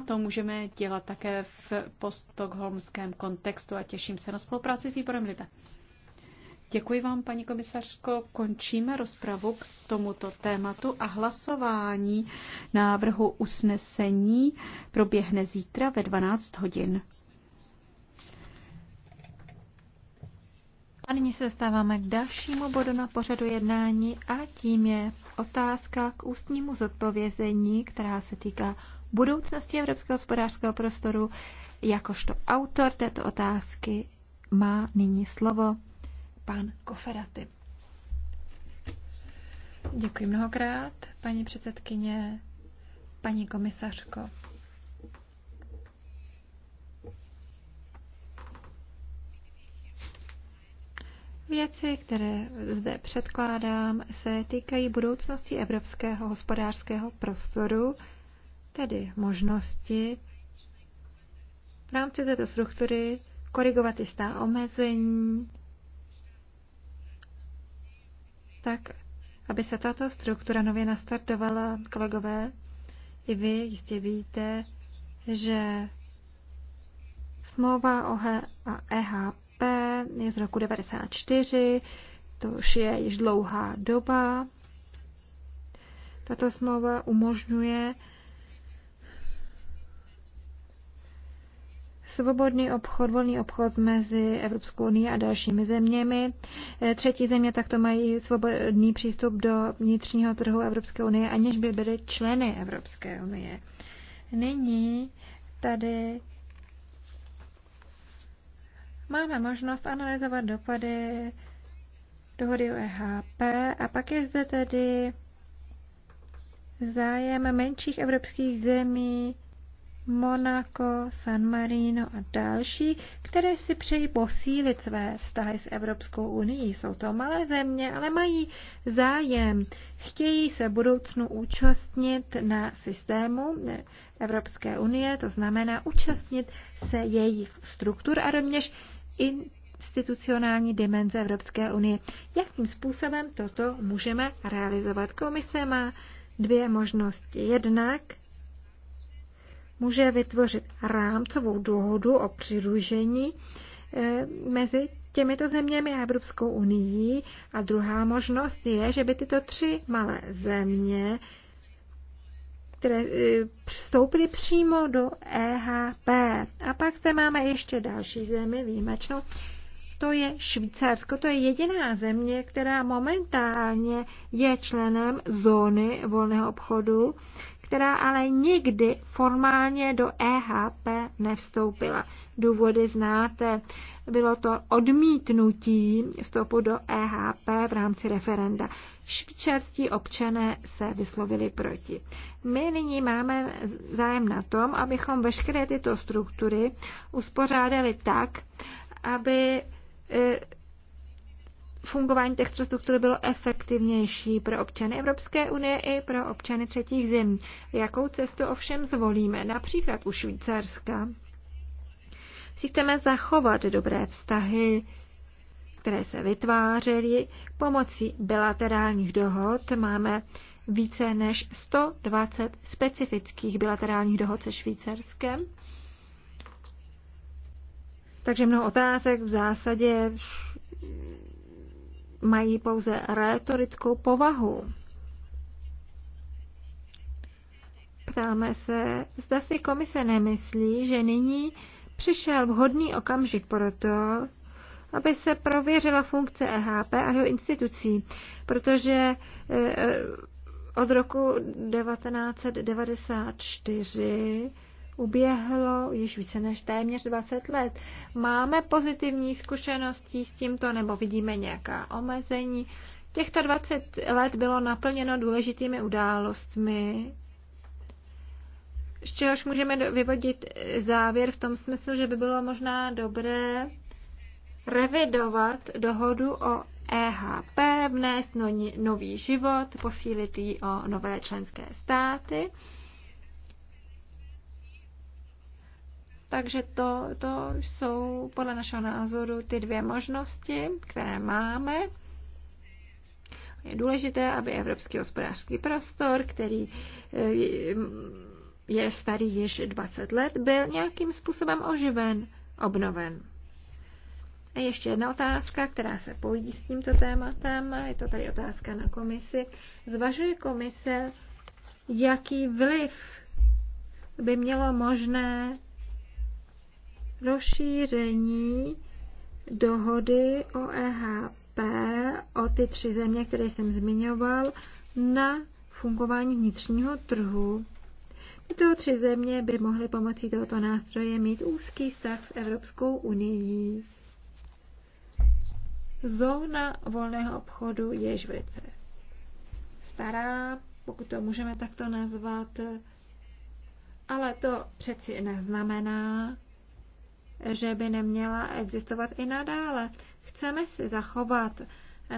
to můžeme dělat také v postokholmském kontextu a těším se na spolupráci s výborem Libe. Děkuji vám, paní komisařko. Končíme rozpravu k tomuto tématu a hlasování návrhu usnesení proběhne zítra ve 12 hodin. A nyní se dostáváme k dalšímu bodu na pořadu jednání a tím je otázka k ústnímu zodpovězení, která se týká budoucnosti evropského hospodářského prostoru. Jakožto autor této otázky má nyní slovo pan Koferaty. Děkuji mnohokrát, paní předsedkyně, paní komisařko. Věci, které zde předkládám, se týkají budoucnosti evropského hospodářského prostoru tedy možnosti v rámci této struktury korigovat jistá omezení, tak aby se tato struktura nově nastartovala, kolegové, i vy jistě víte, že smlouva o EHP je z roku 1994, to už je již dlouhá doba. Tato smlouva umožňuje svobodný obchod, volný obchod mezi Evropskou unii a dalšími zeměmi. Eh, třetí země takto mají svobodný přístup do vnitřního trhu Evropské unie, aniž by byly členy Evropské unie. Nyní tady máme možnost analyzovat dopady dohody o EHP a pak je zde tedy zájem menších evropských zemí Monako, San Marino a další, které si přejí posílit své vztahy s Evropskou unii. Jsou to malé země, ale mají zájem. Chtějí se budoucnu účastnit na systému Evropské unie, to znamená účastnit se jejich struktur a rovněž institucionální dimenze Evropské unie. Jakým způsobem toto můžeme realizovat? Komise má dvě možnosti. Jednak může vytvořit rámcovou dohodu o přidružení eh, mezi těmito zeměmi a Evropskou unii. A druhá možnost je, že by tyto tři malé země které eh, vstoupily přímo do EHP. A pak zde máme ještě další zemi výjimečnou, to je Švýcarsko. To je jediná země, která momentálně je členem zóny volného obchodu, která ale nikdy formálně do EHP nevstoupila. Důvody znáte. Bylo to odmítnutí vstupu do EHP v rámci referenda. Švýcarští občané se vyslovili proti. My nyní máme zájem na tom, abychom veškeré tyto struktury uspořádali tak, aby eh, fungování těch struktur bylo efektivnější pro občany Evropské unie i pro občany třetích zemí. Jakou cestu ovšem zvolíme, například u Švýcarska? Si chceme zachovat dobré vztahy, které se vytvářely pomocí bilaterálních dohod. Máme více než 120 specifických bilaterálních dohod se Švýcarskem. Takže mnoho otázek v zásadě mají pouze retorickou povahu. Ptáme se, zda si komise nemyslí, že nyní přišel vhodný okamžik pro to, aby se prověřila funkce EHP a jeho institucí, protože eh, eh, od roku 1994 uběhlo již více než téměř 20 let. Máme pozitivní zkušenosti s tímto nebo vidíme nějaká omezení? Těchto 20 let bylo naplněno důležitými událostmi, z čehož můžeme vyvodit závěr v tom smyslu, že by bylo možná dobré revidovat dohodu o EHP, vnést no- nový život, posílit ji o nové členské státy. Takže to, to jsou podle našeho názoru ty dvě možnosti, které máme. Je důležité, aby evropský hospodářský prostor, který eh, je starý již 20 let, byl nějakým způsobem oživen, obnoven. A ještě jedna otázka, která se pojí s tímto tématem, je to tady otázka na komisi. Zvažuje komise, jaký vliv by mělo možné rozšíření dohody o EHP o ty tři země, které jsem zmiňoval, na fungování vnitřního trhu. Tyto tři země by mohly pomocí tohoto nástroje mít úzký vztah s Evropskou unii. Zóna volného obchodu je Švice. Stará, pokud to můžeme takto nazvat, ale to přeci neznamená, že by neměla existovat i nadále. Chceme si zachovat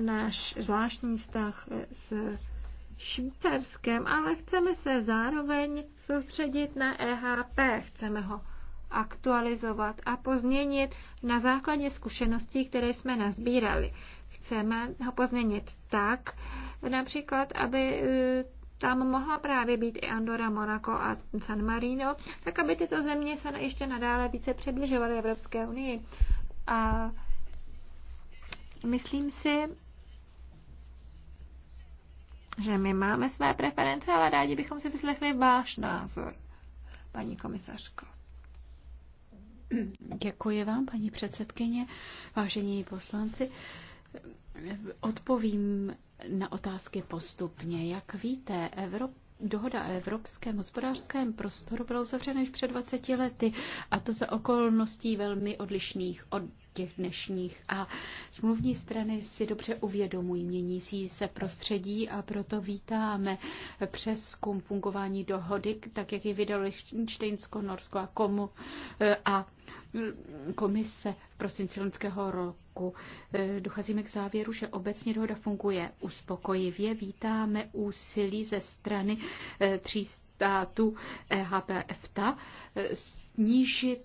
náš zvláštní vztah s Švýcarskem, ale chceme se zároveň soustředit na EHP. Chceme ho aktualizovat a pozměnit na základě zkušeností, které jsme nazbírali. Chceme ho pozměnit tak, například, aby eh, tam mohla právě být i Andora, Monako a San Marino, tak aby tyto země se ještě nadále více přibližovaly Evropské unii. A myslím si, že my máme své preference, ale rádi bychom si vyslechli váš názor, paní komisařko. Děkuji vám, paní předsedkyně, vážení poslanci. Odpovím na otázky postupně. Jak víte, Evrop, Dohoda o evropském hospodářském prostoru byla uzavřena již před 20 lety a to za okolností velmi odlišných od těch dnešních. A smluvní strany si dobře uvědomují, mění si se prostředí a proto vítáme přeskum fungování dohody, tak jak ji vydalo Lichtensteinsko, Norsko a komu eh, a mm, komise v prosinci loňského roku. Eh, docházíme k závěru, že obecně dohoda funguje uspokojivě. Vítáme úsilí ze strany eh, tří států e EHPFTA snížit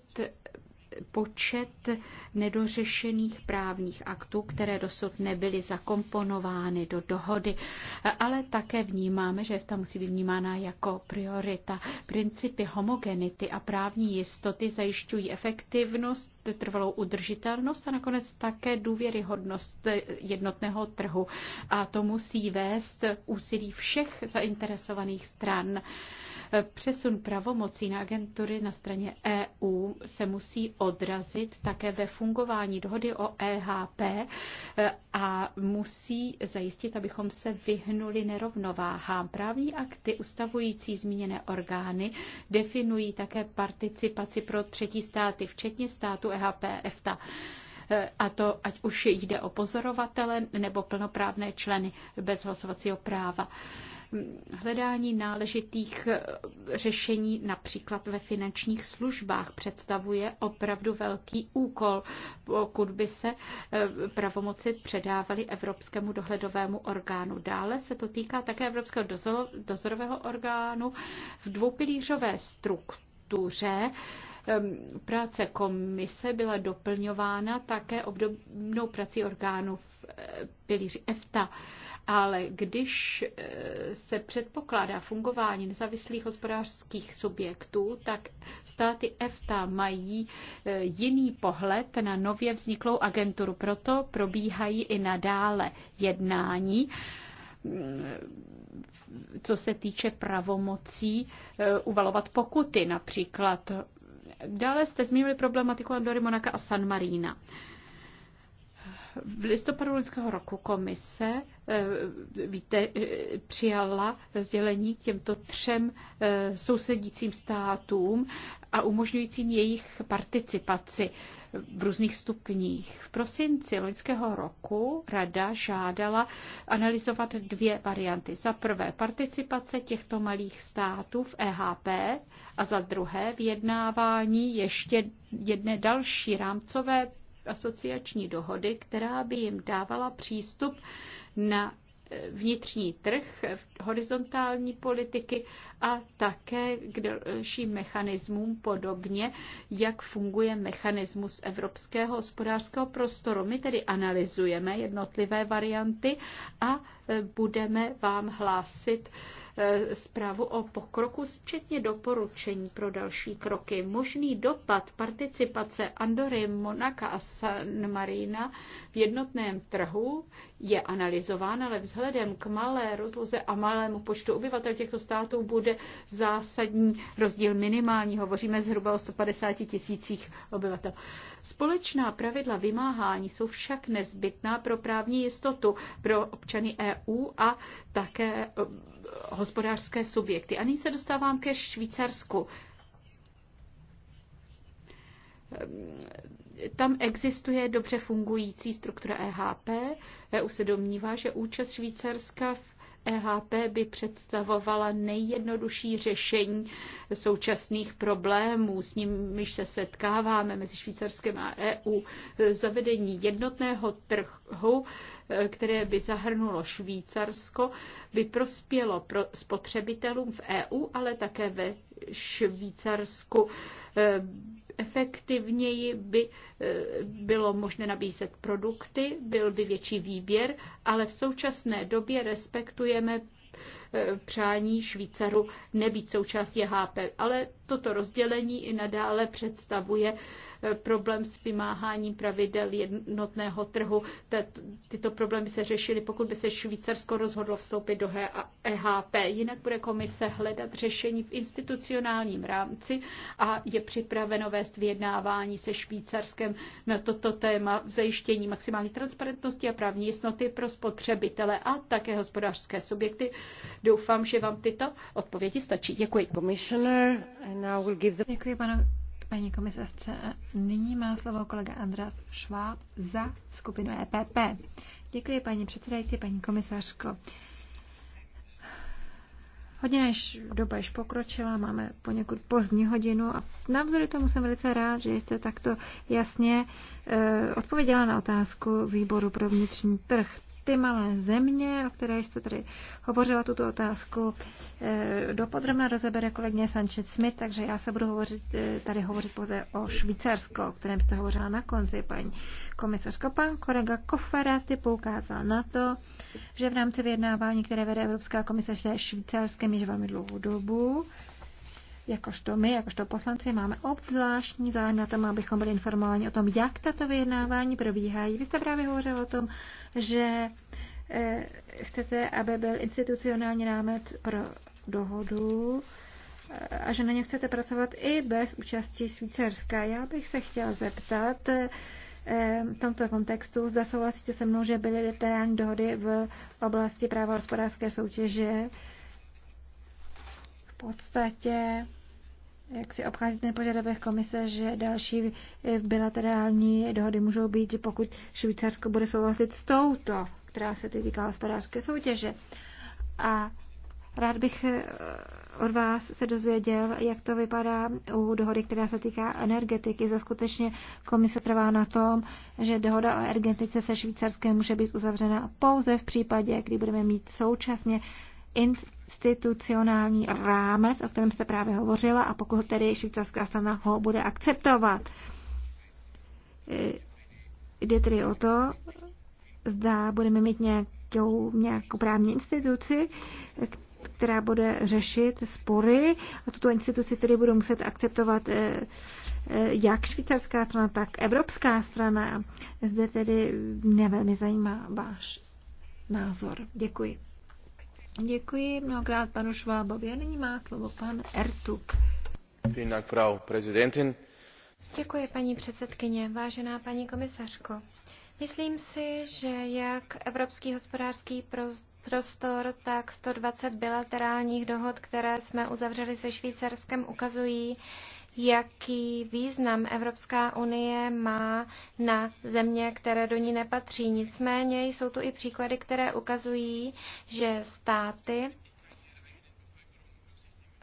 počet nedořešených právních aktů, které dosud nebyly zakomponovány do dohody, ale také vnímáme, že ta musí být vnímána jako priorita. Principy homogenity a právní jistoty zajišťují efektivnost, trvalou udržitelnost a nakonec také důvěryhodnost jednotného trhu. A to musí vést úsilí všech zainteresovaných stran. Přesun pravomocí na agentury na straně EU se musí odrazit také ve fungování dohody o e EHP a musí zajistit, abychom se vyhnuli nerovnováhám. Právní akty ustavující zmíněné orgány definují také participaci pro třetí státy, včetně státu EHP, EFTA eh, a to ať už jde o pozorovatele nebo plnoprávné členy bez hlasovacího práva. Hledání náležitých eh, řešení například ve finančních službách představuje opravdu velký úkol, pokud by se eh, pravomoci předávaly Evropskému dohledovému orgánu. Dále se to týká také Evropského dozorového orgánu v dvoupilířové struktuře ehm, práce komise byla doplňována také obdobnou prací orgánů v eh, pilíři EFTA ale když eh, se předpokládá fungování nezávislých hospodářských subjektů, tak státy EFTA mají eh, jiný pohled na nově vzniklou agenturu. Proto probíhají i nadále jednání mm, co se týče pravomocí eh, uvalovat pokuty například. Dále jste zmínili problematiku Andory Monaka a San Marína. V listopadu loňského roku komise eh, víte, eh, přijala sdělení k těmto třem eh, sousedícím státům a umožňujícím jejich participaci v různých stupních. V prosinci loňského roku rada žádala analyzovat dvě varianty. Za prvé participace těchto malých států v EHP a za druhé vyjednávání ještě jedné další rámcové asociační dohody, která by jim dávala přístup na eh, vnitřní trh, horizontální politiky a také k dalším mechanismům, podobně jak funguje mechanismus evropského hospodářského prostoru. My tedy analyzujeme jednotlivé varianty a eh, budeme vám hlásit Eh, zprávu o pokroku, včetně doporučení pro další kroky. Možný dopad participace Andory, Monaka a San Marina v jednotném trhu je analyzován, ale vzhledem k malé rozloze a malému počtu obyvatel těchto států bude zásadní rozdíl minimální. Hovoříme zhruba o 150 tisících obyvatel. Společná pravidla vymáhání jsou však nezbytná pro právní jistotu pro občany EU a také hospodářské subjekty. A nyní se dostávám ke Švýcarsku. Tam existuje dobře fungující struktura EHP. EU se domnívá, že účast Švýcarska v EHP by představovala nejjednodušší řešení současných problémů, s nimiž se setkáváme mezi Švýcarskem a EU. Zavedení jednotného trhu, které by zahrnulo Švýcarsko, by prospělo pro spotřebitelům v EU, ale také ve Švýcarsku efektivněji by eh, bylo možné nabízet produkty, byl by větší výběr, ale v současné době respektujeme eh, přání Švýcaru nebýt součástí HP. Ale toto rozdělení i nadále představuje problém s vymáháním pravidel jednotného trhu. Tyto problémy se řešily, pokud by se Švýcarsko rozhodlo vstoupit do EHP. Jinak bude komise hledat řešení v institucionálním rámci a je připraveno vést vyjednávání se Švýcarskem na toto téma v zajištění maximální transparentnosti a právní jistoty pro spotřebitele a také hospodářské subjekty. Doufám, že vám tyto odpovědi stačí. Děkuji. Děkuji, panu paní komisařce. Nyní má slovo kolega Andras Šváb za skupinu EPP. Děkuji, paní předsedající, paní komisařko. Hodina již, doba již pokročila, máme poněkud pozdní hodinu a navzory tomu jsem velice rád, že jste takto jasně e, odpověděla na otázku výboru pro vnitřní trh ty malé země, o které jste tady hovořila tuto otázku, eh, dopodrobně rozebere kolegyně Sanchez Smith, takže já se budu hovořit, eh, tady hovořit pouze o Švýcarsko, o kterém jste hovořila na konci, paní komisařko. Pan kolega Koferaty poukázal na to, že v rámci vyjednávání, které vede Evropská komise s Švýcarskem již velmi dlouhou dobu, jakožto my, jakožto poslanci, máme obzvláštní zájem na tom, abychom byli informováni o tom, jak tato vyjednávání probíhají. Vy jste právě hovořil o tom, že eh, chcete, aby byl institucionální rámec pro dohodu eh, a že na ně chcete pracovat i bez účasti Švýcarska. Já bych se chtěla zeptat eh, v tomto kontextu, zda souhlasíte se mnou, že byly literární dohody v oblasti práva hospodářské soutěže, podstatě jak si obchází ten požadavek komise, že další bilaterální dohody můžou být, že pokud Švýcarsko bude souhlasit s touto, která se týká hospodářské soutěže. A rád bych eh, od vás se dozvěděl, jak to vypadá u dohody, která se týká energetiky. Za skutečně komise trvá na tom, že dohoda o energetice se Švýcarskem může být uzavřena pouze v případě, kdy budeme mít současně institucionální rámec, o kterém jste právě hovořila, a pokud tedy švýcarská strana ho bude akceptovat. E, jde tedy o to, zda budeme mít nějakou, nějakou právní instituci, která bude řešit spory a tuto instituci tedy budou muset akceptovat e, e, jak švýcarská strana, tak evropská strana. Zde tedy mě velmi zajímá váš názor. Děkuji. Děkuji mnohokrát panu Švábovi. A nyní má slovo pan Ertuk. Děkuji, paní předsedkyně. Vážená paní komisařko, Myslím si, že jak Evropský hospodářský prostor, tak 120 bilaterálních dohod, které jsme uzavřeli se Švýcarskem, ukazují, jaký význam Evropská unie má na země, které do ní nepatří. Nicméně jsou tu i příklady, které ukazují, že státy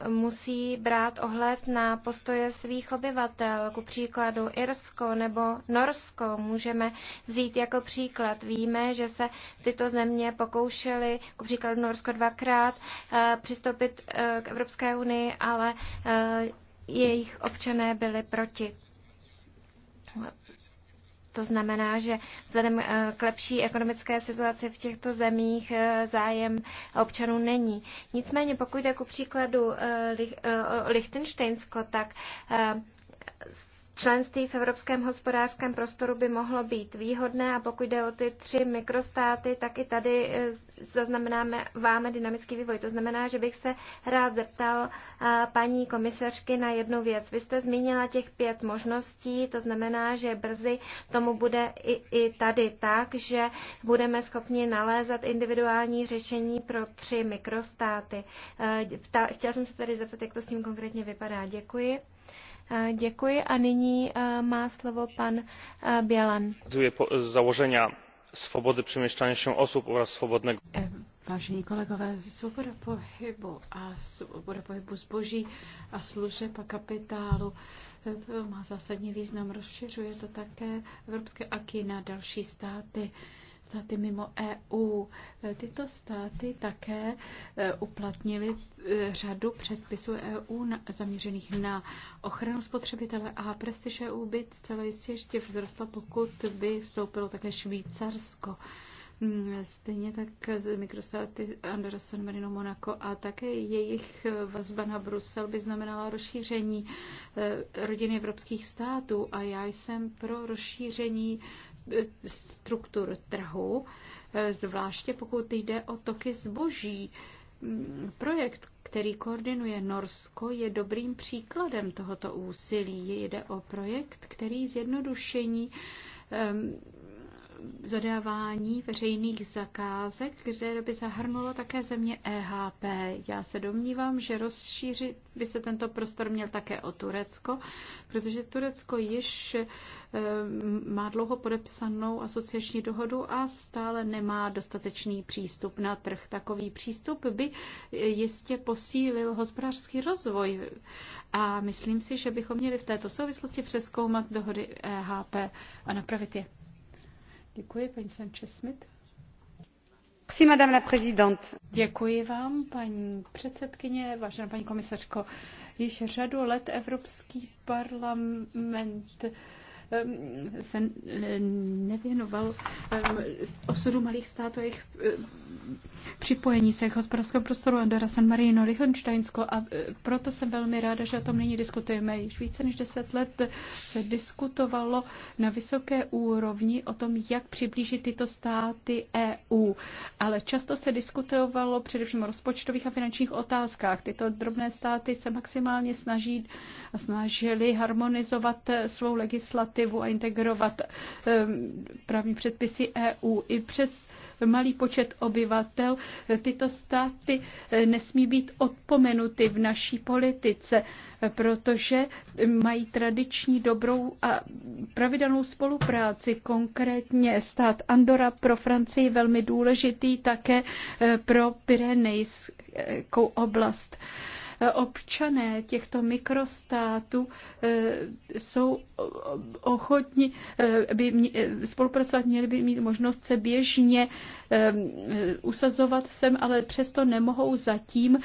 musí brát ohled na postoje svých obyvatel. Ku příkladu Irsko nebo Norsko můžeme vzít jako příklad. Víme, že se tyto země pokoušely, ku příkladu Norsko dvakrát, eh, přistoupit eh, k Evropské unii, ale eh, jejich občané byli proti. To znamená, že vzhledem eh, k lepší ekonomické situaci v těchto zemích eh, zájem občanů není. Nicméně, pokud jde ku příkladu eh, Lichtensteinsko, tak Členství v Evropském hospodářském prostoru by mohlo být výhodné a pokud jde o ty tři mikrostáty, tak i tady eh, zaznamenáme váme dynamický vývoj. To znamená, že bych se rád zeptal eh, paní komisařky na jednu věc. Vy jste zmínila těch pět možností, to znamená, že brzy tomu bude i, i tady tak, že budeme schopni nalézat individuální řešení pro tři mikrostáty. Eh, chtěla jsem se tady zeptat, jak to s tím konkrétně vypadá. Děkuji. Děkuji a nyní e, má slovo pan e, Bělan. Založenia svobody přemýšlení se osob oraz svobodného. E, vážení kolegové, svoboda pohybu a svoboda pohybu zboží a služeb a kapitálu, to má zásadní význam. Rozšiřuje to také Evropské aky na další státy státy mimo EU. Tyto státy také e, uplatnily e, řadu předpisů EU na, zaměřených na ochranu spotřebitele a prestiž EU by celé jistě ještě vzrostla, pokud by vstoupilo také Švýcarsko. Hmm, stejně tak mikrostáty Anderson, San Marino, Monaco a také jejich vazba na Brusel by znamenala rozšíření e, rodiny evropských států a já jsem pro rozšíření struktur trhu, eh, zvláště pokud jde o toky zboží. Mm, projekt, který koordinuje Norsko, je dobrým příkladem tohoto úsilí. Jde o projekt, který zjednodušení zadávání veřejných zakázek, které by zahrnulo také země EHP. Já se domnívám, že rozšířit by se tento prostor měl také o Turecko, protože Turecko již eh, má dlouho podepsanou asociační dohodu a stále nemá dostatečný přístup na trh. Takový přístup by jistě posílil hospodářský rozvoj a myslím si, že bychom měli v této souvislosti přeskoumat dohody EHP a napravit je. Děkuji, paní Sanchez Smith. Děkuji vám, paní předsedkyně, vážená paní komisařko. Již řadu let Evropský parlament Ehm, se eh, nevěnoval ehm, osudu malých států a jejich eh, připojení se k hospodářskému prostoru Andora, San Marino, Lichtensteinsko a eh, proto jsem velmi ráda, že o tom nyní diskutujeme. Již více než deset let se diskutovalo na vysoké úrovni o tom, jak přiblížit tyto státy EU, ale často se diskutovalo především o rozpočtových a finančních otázkách. Tyto drobné státy se maximálně snaží a snažili harmonizovat svou legislativu legislativu a integrovat ehm, právní předpisy EU. I přes malý počet obyvatel eh, tyto státy eh, nesmí být odpomenuty v naší politice, eh, protože mají tradiční dobrou a pravidelnou spolupráci. Konkrétně stát Andora pro Francii velmi důležitý, také pro Pyrenejskou oblast. Občané těchto mikrostátů eh, jsou ochotni eh, by eh, spolupracovat, měli by mít možnost se běžně usazovat sem, ale přesto nemohou zatím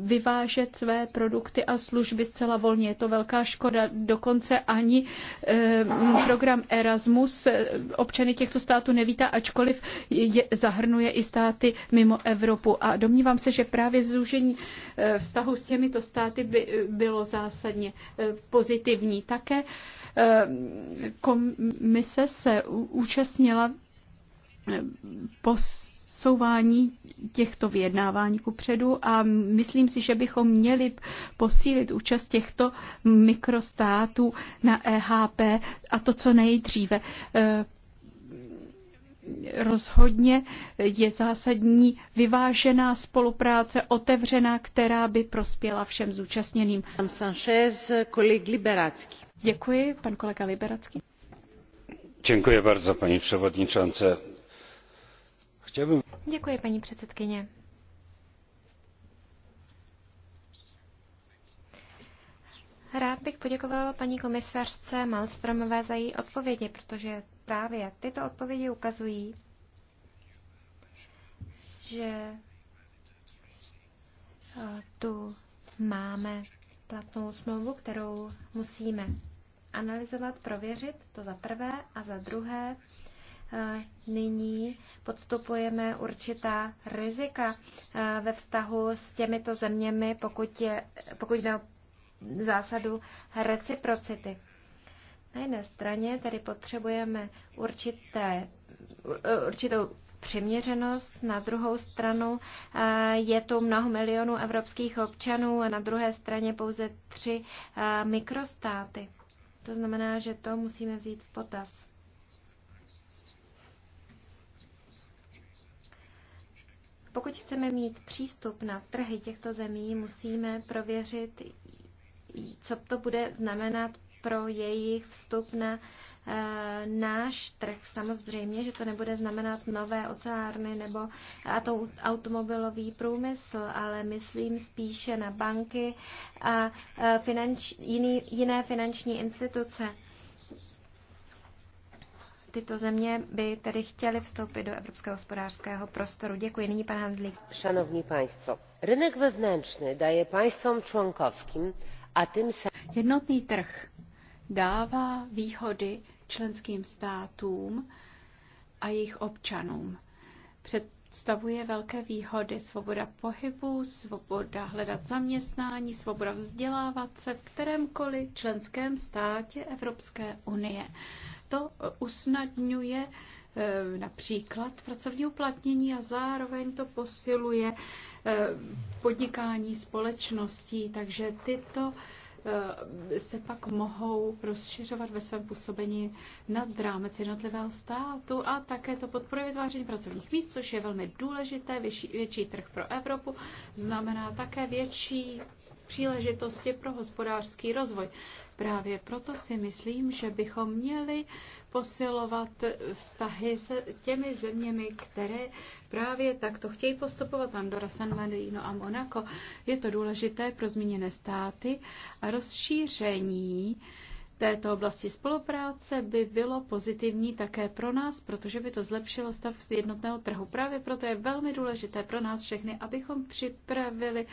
vyvážet své produkty a služby zcela volně. Je to velká škoda. Dokonce ani program Erasmus občany těchto států nevítá, ačkoliv je, zahrnuje i státy mimo Evropu. A domnívám se, že právě zúžení vztahu s těmito státy by bylo zásadně eh, pozitivní. Také eh, komise se účastnila eh, posouvání těchto vyjednávání kupředu a myslím si, že bychom měli posílit účast těchto mikrostátů na EHP a to co nejdříve rozhodně je zásadní vyvážená spolupráce, otevřená, která by prospěla všem zúčastněným. Pan Sanchez, kolik Liberacký. Děkuji, pan kolega Liberacký. Děkuji bardzo, paní předsedající. Chtěbym... Děkuji, paní předsedkyně. Rád bych poděkoval paní komisařce Malstromové za její odpovědi, protože právě Tyto odpovědi ukazují, že eh, tu máme platnou smlouvu, kterou musíme analyzovat, prověřit, to za prvé, a za druhé eh, nyní podstupujeme určitá rizika eh, ve vztahu s těmito zeměmi, pokud, je, pokud jde o zásadu reciprocity. Na jedné straně tedy potřebujeme určité, e, určitou přiměřenost, na druhou stranu e, je to mnoho milionů evropských občanů a na druhé straně pouze tři e, mikrostáty. To znamená, že to musíme vzít v potaz. Pokud chceme mít přístup na trhy těchto zemí, musíme prověřit, co to bude znamenat pro jejich vstup na eh, náš trh. Samozřejmě, že to nebude znamenat nové oceárny nebo a to automobilový průmysl, ale myslím spíše na banky a eh, finanč, jiný, jiné finanční instituce. Tyto země by tedy chtěly vstoupit do evropského hospodářského prostoru. Děkuji. Nyní pan Handlík. Šanovní pánstvo, rynek wewnętrzny daje państwom członkowskim, a tym se Jednotný trh dává výhody členským státům a jejich občanům. Představuje velké výhody svoboda pohybu, svoboda hledat zaměstnání, svoboda vzdělávat se v kterémkoliv členském státě Evropské unie. To usnadňuje eh, například pracovní uplatnění a zároveň to posiluje eh, podnikání společností, takže tyto Eh, se pak mohou rozšiřovat ve svém působení nad rámec jednotlivého státu a také to podporuje vytváření pracovních míst, což je velmi důležité. Větší, větší trh pro Evropu znamená také větší příležitosti pro hospodářský rozvoj. Právě proto si myslím, že bychom měli posilovat vztahy s těmi zeměmi, které právě takto chtějí postupovat Andorra, San Marino a Monaco. Je to důležité pro zmíněné státy a rozšíření eh, této oblasti spolupráce by bylo pozitivní také pro nás, protože by to zlepšilo stav jednotného trhu. Právě proto je velmi důležité pro nás všechny, abychom připravili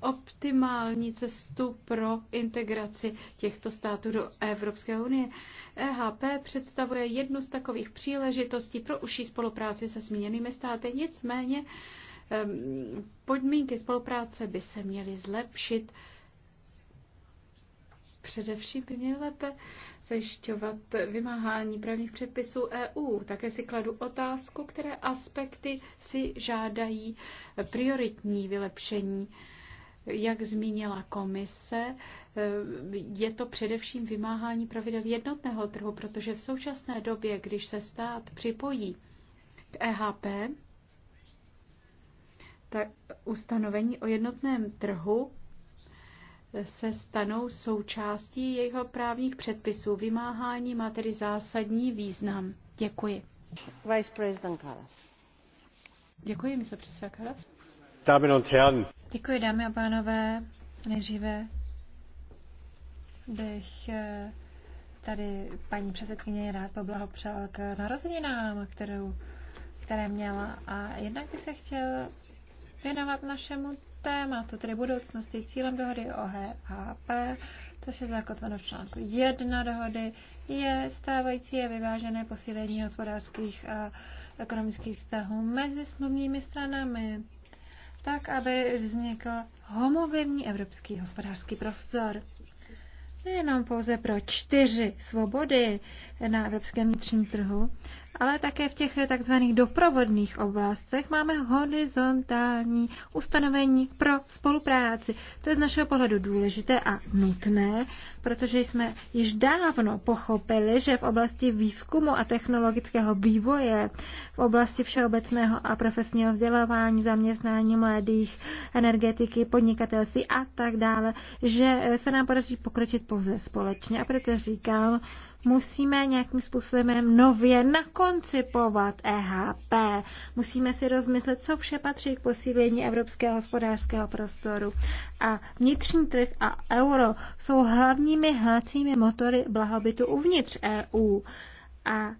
optimální cestu pro integraci těchto států do Evropské unie. EHP představuje jednu z takových příležitostí pro užší spolupráci se zmíněnými státy, nicméně podmínky spolupráce by se měly zlepšit Především by měly lépe zajišťovat vymáhání právních předpisů EU. Také si kladu otázku, které aspekty si žádají prioritní vylepšení. Jak zmínila komise, je to především vymáhání pravidel jednotného trhu, protože v současné době, když se stát připojí k EHP, tak ustanovení o jednotném trhu se stanou součástí jeho právních předpisů. Vymáhání má tedy zásadní význam. Děkuji. Vice President Karas. Děkuji, mi se Karas. Dámy und Herren. Děkuji, dámy a pánové. Nejdříve bych eh, tady paní předsedkyně rád poblahopřál k narozeninám, kterou, které měla. A jednak bych se chtěl věnovat našemu tématu, tedy budoucnosti cílem dohody o HAP, což je zakotveno v článku 1 dohody, je stávající a vyvážené posílení hospodářských a ekonomických vztahů mezi smluvními stranami, tak, aby vznikl homogenní evropský hospodářský prostor nejenom pouze pro čtyři svobody na evropském vnitřním trhu, ale také v těch takzvaných doprovodných oblastech máme horizontální ustanovení pro spolupráci. To je z našeho pohledu důležité a nutné, protože jsme již dávno pochopili, že v oblasti výzkumu a technologického vývoje, v oblasti všeobecného a profesního vzdělávání, zaměstnání mladých, energetiky, podnikatelství a tak dále, že se nám podaří pokročit pouze společně. A proto říkám, musíme nějakým způsobem nově nakoncipovat EHP. Musíme si rozmyslet, co vše patří k posílení evropského hospodářského prostoru. A vnitřní trh a euro jsou hlavními hlacími motory blahobytu uvnitř EU. A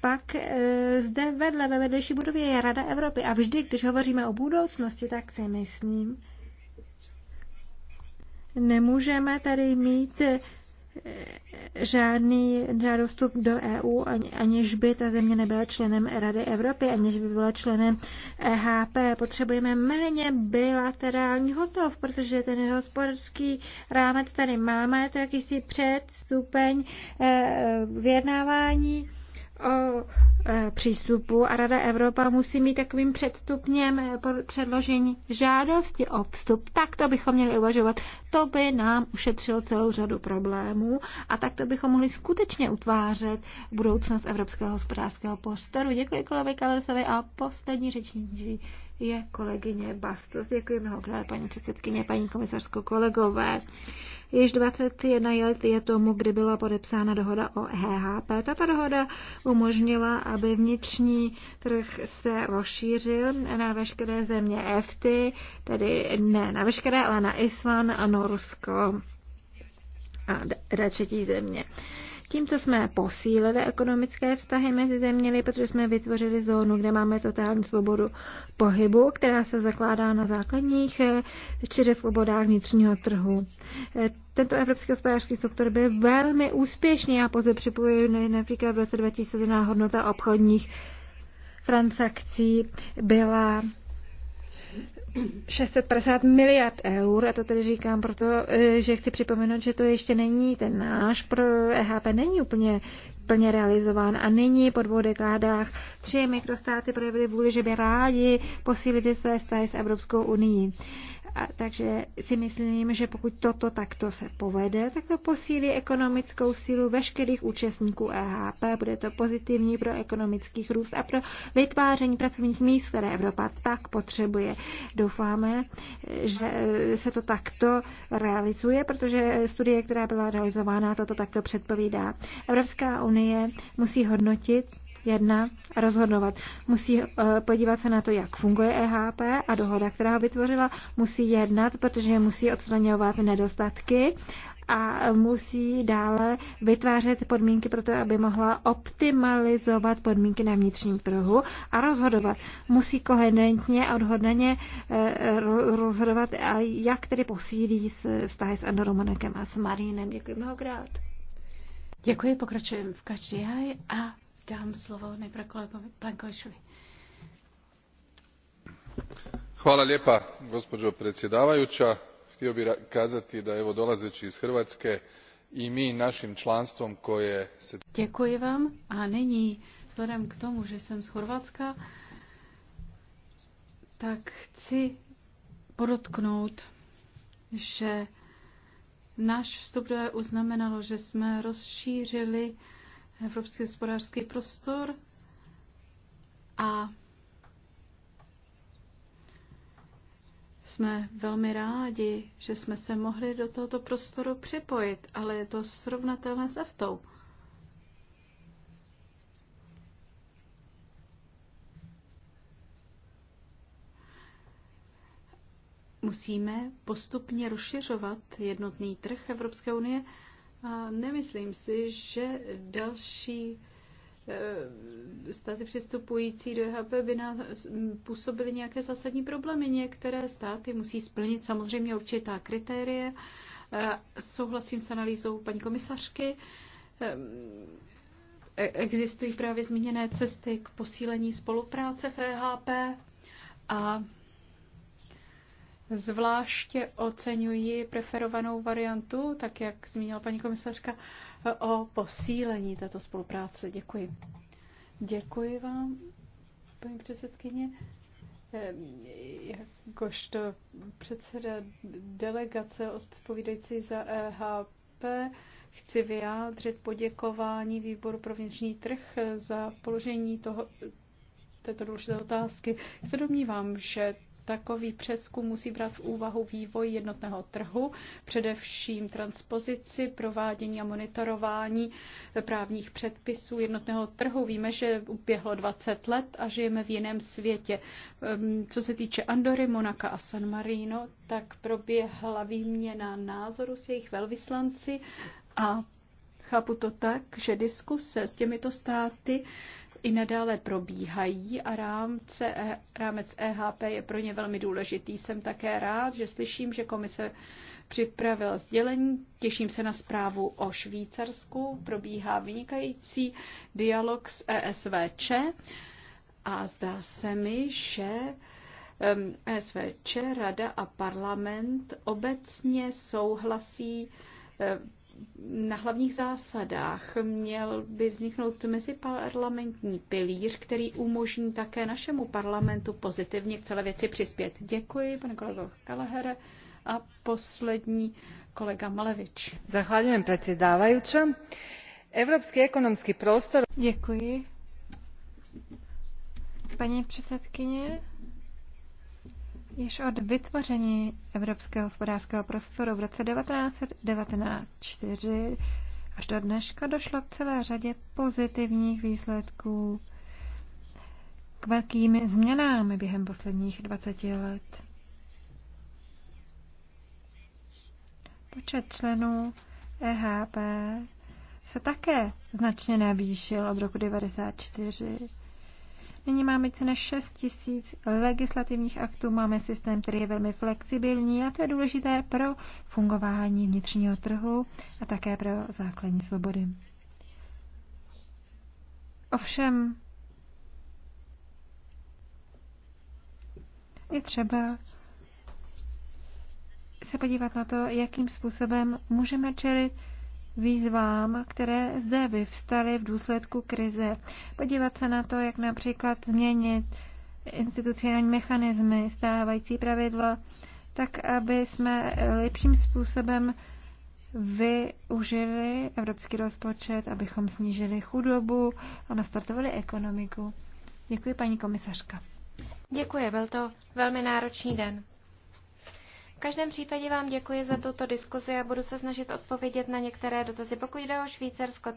pak e, zde vedle ve vedlejší budově je Rada Evropy a vždy, když hovoříme o budoucnosti, tak si myslím, nemůžeme tady mít žádný, žádný vstup do EU, aniž by ta země nebyla členem Rady Evropy, aniž by byla členem EHP. Potřebujeme méně bilaterální hotov, protože ten hospodářský rámec tady máme, je to jakýsi předstupeň eh, eh, vyjednávání o Eh, přístupu a Rada Evropa musí mít takovým předstupněm eh, předložení žádosti o vstup. Tak to bychom měli uvažovat. To by nám ušetřilo celou řadu problémů a tak to bychom mohli skutečně utvářet budoucnost evropského hospodářského postaru. Děkuji kolegovi Kalersovi a poslední řečníci je kolegyně Bastos. Děkuji mnohokrát paní předsedkyně, paní komisařsko, kolegové. Již 21 let je tomu, kdy byla podepsána dohoda o EHP. Tato dohoda umožnila, aby vnitřní trh se rozšířil na veškeré země EFTY, tedy ne na veškeré, ale na Island a Norsko a třetí země. Tímto jsme posílili ekonomické vztahy mezi zeměmi, protože jsme vytvořili zónu, kde máme totální svobodu pohybu, která se zakládá na základních eh, čtyři svobodách vnitřního trhu. Eh, tento evropský hospodářský sektor byl velmi úspěšný. Já pouze připojuji například v roce 2017 hodnota obchodních transakcí byla 650 miliard eur, a to tedy říkám proto, eh, že chci připomenout, že to ještě není ten náš, pro EHP není úplně plně realizován a nyní po dvou dekádách tři mikrostáty projevily vůli, že by rádi posílili své vztahy s Evropskou unii. A, takže si myslím, že pokud toto takto se povede, tak to posílí ekonomickou sílu veškerých účastníků EHP. Bude to pozitivní pro ekonomický růst a pro vytváření pracovních míst, které Evropa tak potřebuje. Doufáme, že e, se to takto realizuje, protože studie, která byla realizována, toto takto předpovídá. Evropská unie musí hodnotit, jedna rozhodovat. Musí eh, podívat se na to, jak funguje EHP a dohoda, která ho vytvořila, musí jednat, protože musí odstraňovat nedostatky a musí dále vytvářet podmínky pro to, aby mohla optimalizovat podmínky na vnitřním trhu a rozhodovat. Musí koherentně a odhodlaně eh, rozhodovat, a jak tedy posílí vztahy s Andorou a s Marínem. Děkuji mnohokrát. Děkuji, pokračujeme v každý a dám slovo nejprve kolegovi Plenkovičovi. Hvala lijepa, gospođo predsjedavajuća. Htio bih kazati da evo dolazeći iz Hrvatske i mi našim članstvom koje se... Děkuji vám a nyní vzhledem k tomu, že jsem z Chorvatska, tak chci podotknout, že náš vstup do EU znamenalo, že jsme rozšířili Evropský hospodářský prostor a jsme velmi rádi, že jsme se mohli do tohoto prostoru připojit, ale je to srovnatelné s EFTou. Musíme postupně rozšiřovat jednotný trh Evropské unie a nemyslím si, že další eh, státy přistupující do EHP by nás působily nějaké zásadní problémy. Některé státy musí splnit samozřejmě určitá kritérie. Eh, souhlasím s analýzou paní komisařky. Eh, e, existují právě zmíněné cesty k posílení spolupráce v EHP a Zvláště oceňuji preferovanou variantu, tak jak zmínila paní komisařka, o posílení této spolupráce. Děkuji. Děkuji vám, paní předsedkyně. Jakožto předseda delegace odpovídající za EHP, chci vyjádřit poděkování výboru pro vnitřní trh za položení toho, této důležité otázky. Se domnívám, že Takový přeskum musí brát v úvahu vývoj jednotného trhu, především transpozici, provádění a monitorování právních předpisů jednotného trhu. Víme, že uběhlo 20 let a žijeme v jiném světě. Ehm, co se týče Andory, Monaka a San Marino, tak proběhla výměna názoru s jejich velvyslanci a chápu to tak, že diskuse s těmito státy i nadále probíhají a rámce, e, rámec EHP je pro ně velmi důležitý. Jsem také rád, že slyším, že komise připravila sdělení. Těším se na zprávu o Švýcarsku. Probíhá vynikající dialog s ESVČ a zdá se mi, že ESVČ, e Rada a parlament obecně souhlasí na hlavních zásadách měl by vzniknout meziparlamentní pilíř, který umožní také našemu parlamentu pozitivně k celé věci přispět. Děkuji, pane kolego Kalahere. A poslední kolega Malevič. Zahvaljujem predsjedavajuća. Evropský ekonomský prostor... Děkuji. Paní předsedkyně, Již od vytvoření Evropského hospodářského prostoru v roce 1994 až do dneška došlo k celé řadě pozitivních výsledků k velkým změnám během posledních 20 let. Počet členů EHP se také značně navýšil od roku 1994. Nyní máme více než 6 tisíc legislativních aktů, máme systém, který je velmi flexibilní a to je důležité pro fungování vnitřního trhu a také pro základní svobody. Ovšem, je třeba se podívat na to, jakým způsobem můžeme čelit výzvám, které zde vyvstaly v důsledku krize. Podívat se na to, jak například změnit institucionální mechanismy, stávající pravidla, tak aby jsme lepším způsobem využili evropský rozpočet, abychom snížili chudobu a nastartovali ekonomiku. Děkuji, paní komisařka. Děkuji, byl to velmi náročný den. V každém případě vám děkuji za tuto diskuzi a budu se snažit odpovědět na některé dotazy. Pokud jde o Švýcarsko,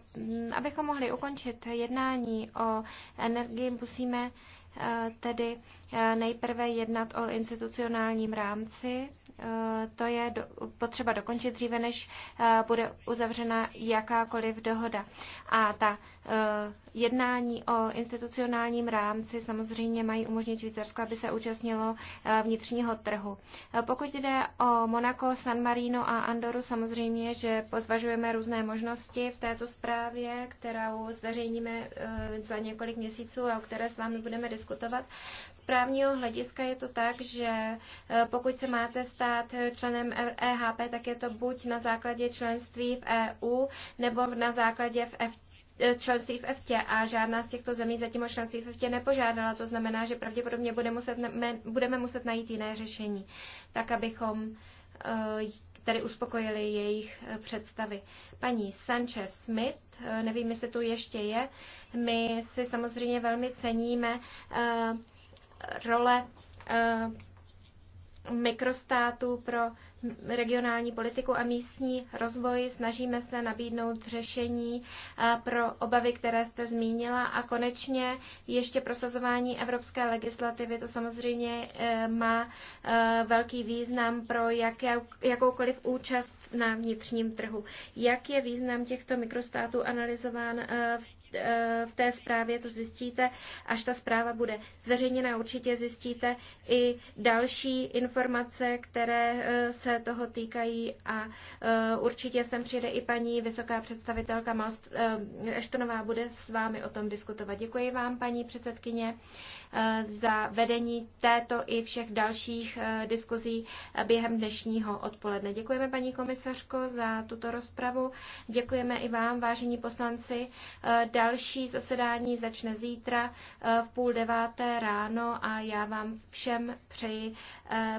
abychom mohli ukončit jednání o energii, musíme Eh, tedy eh, nejprve jednat o institucionálním rámci. Eh, to je do, potřeba dokončit dříve, než bude uzavřena jakákoliv dohoda. A ta jednání o institucionálním rámci samozřejmě mají umožnit Švýcarsko, aby se účastnilo vnitřního trhu. Pokud jde o Monako, San Marino a Andoru, samozřejmě, že pozvažujeme různé možnosti v této zprávě, kterou zveřejníme za několik měsíců a o které s vámi budeme diskutovat diskutovat. Z právního hlediska je to tak, že eh, pokud se máte stát členem EHP, tak je to buď na základě členství v EU nebo na základě v FT eh, členství v EFTě a žádná z těchto zemí zatím o členství v EFTě nepožádala. To znamená, že pravděpodobně bude muset, budeme muset najít jiné řešení, tak abychom eh, tedy uspokojili jejich eh, představy. Paní Sanchez Smith, eh, nevím, jestli tu ještě je, my si samozřejmě velmi ceníme eh, role mikrostátů pro regionální politiku a místní rozvoj. Snažíme se nabídnout řešení eh, pro obavy, které jste zmínila. A konečně ještě prosazování evropské legislativy. To samozřejmě eh, má eh, velký význam pro jakoukoliv účast na vnitřním trhu. Jak je význam těchto mikrostátů analyzován v Eh, v té zprávě, to zjistíte, až ta zpráva bude zveřejněna, určitě zjistíte i další informace, které eh, se toho týkají a eh, určitě sem přijde i paní vysoká představitelka Malst, Eštonová bude s vámi o tom diskutovat. Děkuji vám, paní předsedkyně. Eh, za vedení této i všech dalších eh, diskuzí eh, během dnešního odpoledne. Děkujeme paní komisařko za tuto rozpravu. Děkujeme i vám, vážení poslanci. Další zasedání začne zítra v půl deváté ráno a já vám všem přeji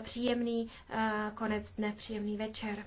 příjemný konec dne, příjemný večer.